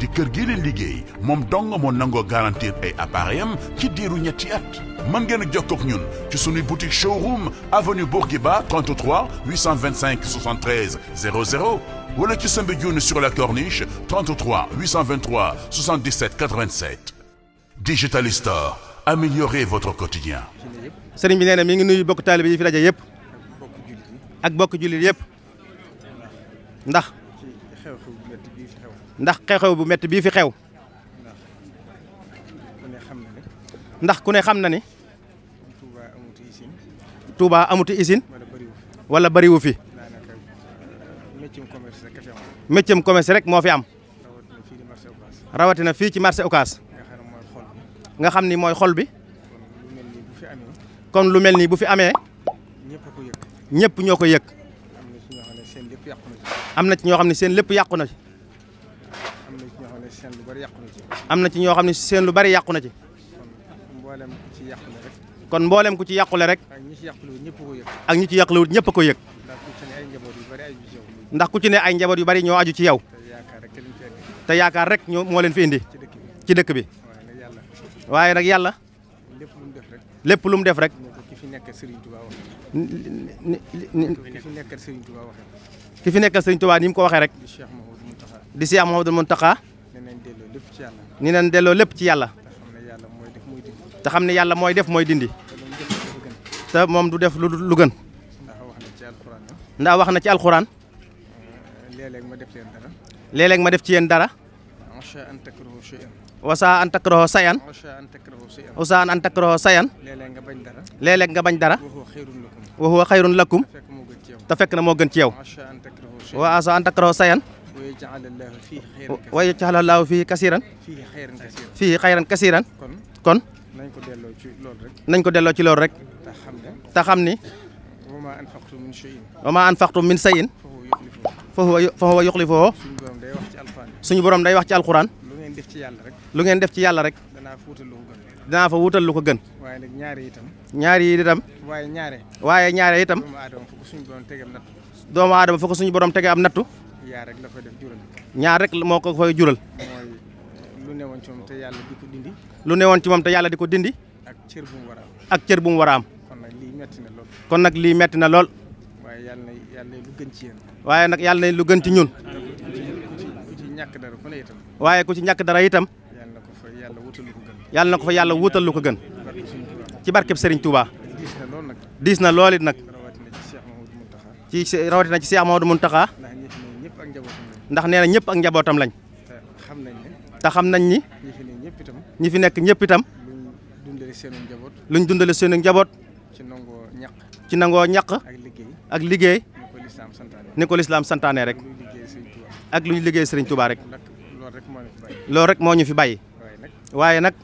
di kër gi leen liggéey moom dong moo nangoo garantir ay appareyam ci diiru ñetti at mën ngeen a jokkoo ak ñun ci suñuy boutique showroom avenue Bourguiba 33 825 73 00 wala ci Soumbédioune sur la corniche 33 823 77 87 Digital Store améliorez votre quotidien. sëriñ bi nee na mi ngi nuyu bokk taalibe yi fi daje yëpp ak bokk jullit yëpp ndax. ndax xew-xew bu metti bii fi xew ndax ku ne xam na ni Touba amuti usine wala bariwu fi métier commerce rek moo fi am rawatina fii ci marché Ocass nga xam ni mooy xol bi kon lu mel ni bu fi amee ñëpp ñoo ko yëg am na ci ñoo xam ne seen lépp yàqu na ci. seen lu bari yàqu na ci. am na ci ñoo xam ne seen lu bari yàqu na ci. kon mboolem ku ci yàqule rek. kon mboolem ku ci yàqule rek. ak ñi ci yàqule wut ñëpp ko yëg. ak ñi ci yàqule wut ñëpp ko yëg. ndax ku ci ne ay njaboot yu bari ñoo aju ci yow. te yaakaar rek ñoo moo leen fi indi. ci dëkk bi waaye nag yàlla. lépp lu mu def rek. lépp lu mu def rek. ki fi nekkal Serigne Touba waxee. ki fi nekkal Serigne Touba ni mu ko waxee rek. di Cheikh Mouhamadou Mountakha. ni nañ delloo lépp ci yàlla te xam ne yàlla mooy def mooy dindi te moom du def lu lu gën ndax wax na ci alxuraan eh, léeg-léeg ma def ci yéen dara léeg-léeg ma def ci yéen dara wasaa an takrahu sayan wasaa an takrahu sayan léeg-léeg nga bañ dara wa huwa xayrun lakum te fekk na moo gën ci yow wasaa an takrahu sayan wa yaj'al Allahu fiihi kasiiran fiihi xayran kasiiran kon nañ ko delloo ci loolu rek nañ ko delloo ci loolu rek te xam ni wa maa anfaqtum min shay'in fa huwa yuxlifuhu suñu borom day wax ci alxuraan lu ngeen def ci yàlla rek lu ngeen def ci yàlla rek dinaa fa wutal lu ko gën waaye nag ñaari itam ñaari yi itam waaye ñaare waaye ñaare itam doomu aadama fokk suñu borom tege am nattu ñaar rek la koy def jural. ñaar moo ko koy jural. lu newoon ci moom te yàlla di ko dindi. ci moom te yàlla di ko dindi. ak cër bu mu a ak cër bu mu war a am. kon nag lii metti na lool. kon nag lii metti na lool. waaye yàlla na yàlla ci yéen. waaye nag yàlla lu gën ci ñun. ku ci ñàkk itam. waaye ku ci ñàkk dara itam. yàlla na ko fa yàlla wutal lu ko gën. yàlla wutal ko gën. ci barkeb Serigne Touba. diis na lool nag. diis na lool it nag. ci rawatina ci Cheikh Mamadou Mountakha. ndax nee na ñëpp ak njabootam lañ. te xam nañ ni. ñi fi nekk ñëpp itam. luñ dundale seen njaboot. ci nangoo ñaq. ci nangoo ñaq. ak liggéey ak liggéey. ni ko lislaam santaane rek. ak lu ñu liggéey sëriñ Touba rek. loolu rek moo ñu fi bàyyi. waaye nag.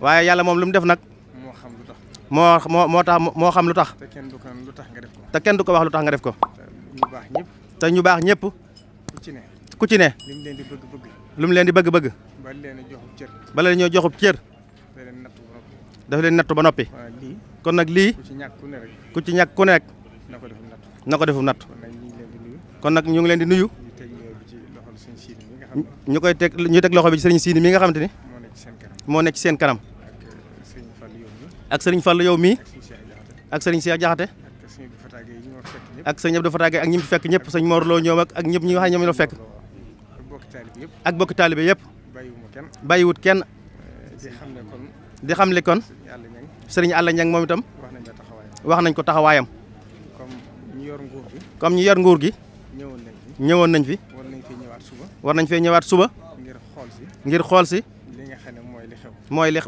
waaye yàlla moom lu mu def nag. moo moo moo tax moo xam lu tax. te kenn du ko wax lu tax nga def ko. te ñu baax ñëpp. ku ci ne. ku ci ne. lu leen di bëgg bëgg. lu leen di bëgg bëgg. bala leen a joxub cër. bala leen ñoo joxub cër. dafa leen nattu ba noppi. kon nag lii. ku ci ñàkk ne rek. ku ci ñàkk ku ne na ko defum nattu. na ko defum nattu. kon nag ñu ngi leen di nuyu. ñu koy teg ñu teg loxo bi ci sëriñ Sidi mi nga xamante ni. moo nekk ci seen kanam. ak euh, sëriñ fal yow mi ak sëriñ Cheikh Jaxate ak sëñ Abdou Fatah Gaye ak ñi mu fi fekk ñëpp sëñ Mor Lo ñoom ak ak ñëpp ñi nga xam ne ñoom la fekk ak bokki taalibe yëpp bàyyiwut kenn di xam le kon sëriñ Alla Ñang moom itam wax nañ ko taxawaayam comme ñu yor nguur gi ñëwoon nañ fi war nañ fee ñëwaat suba ngir xool si mooy li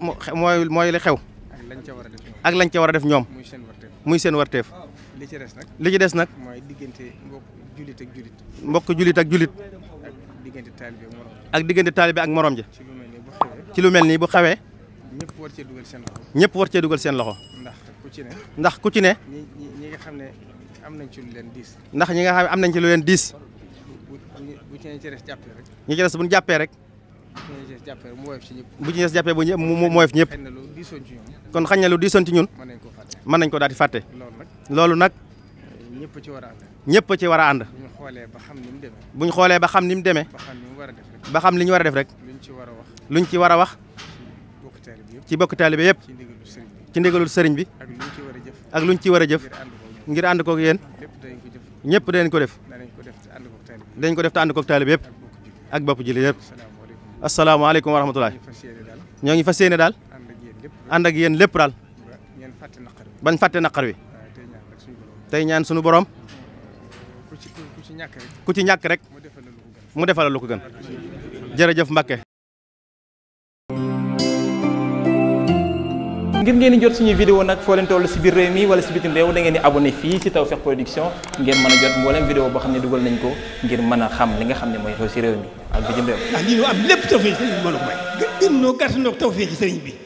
mooy li xew ak lañ ca war a def ñoom muy seen warteef li ci des nag. li ci des nag. mooy diggante mbokk julit ak julit. mbokk julit ak julit. ak diggante taalibe ak morom. ak diggante taalibe ak morom ji. ci lu mel nii bu xawee. ci lu mel xawee. ñëpp war cee seen loxo. ñëpp war cee dugal seen loxo. ndax ku ci ne. ndax ku ci ne. ñi ñi xam ne am nañ ci lu leen diis. ndax ñi nga xam ne am nañ ci lu leen diis. bu ci des jàppee rek. ñi ci des jàppee rek. bu ci des jàppee bu ñëpp mu woyof ci ñëpp. kon xañ na lu diisoon ci ñun. kon xañ na lu diisoon ci ñun. mën nañ koo fàtte mën nañ ko daal di fàtte. loolu nag. ñëpp ci war a ànd. ñëpp ci war a ànd. bu ñu xoolee ba xam ni mu demee. bu ñu xoolee ba xam ni mu demee. ba xam li ñu war a def rek. ba xam li ñu war a def rek. luñ ci war a wax. luñ ci war a wax. ci bokk taalibe yëpp. ci ndigalul sëriñ bi. ci ndigalul sëriñ bi. ak luñ ci war a jëf. ak luñ ci war a jëf. ngir ànd koog yéen. ñëpp dañ ko def. dañ ko def te ànd koog taalibe yëpp. ak bopp jili yëpp. asalaamaaleykum wa rahmatulah. ñoo ngi fas yéene daal. ànd ak yéen lépp daal. bañ fàtte naqar wi tey ñaan suñu borom ku ci ñàkk rek ku ci ñàkk rek mu defal lu ko gën jërëjëf Mbacke. ngir ngeen di jot suñu vidéo nag foo leen toll si biir réew mi wala si bitim réew da ngeen di abonné fii si Tawfekh Production ngeen mën a jot mboolem vidéo boo xam ne dugal nañ ko ngir mën a xam li nga xam ne mooy xew si réew mi ak bitim réew. ndax lii am lépp Tawfekh sëriñ bi sëriñ bi.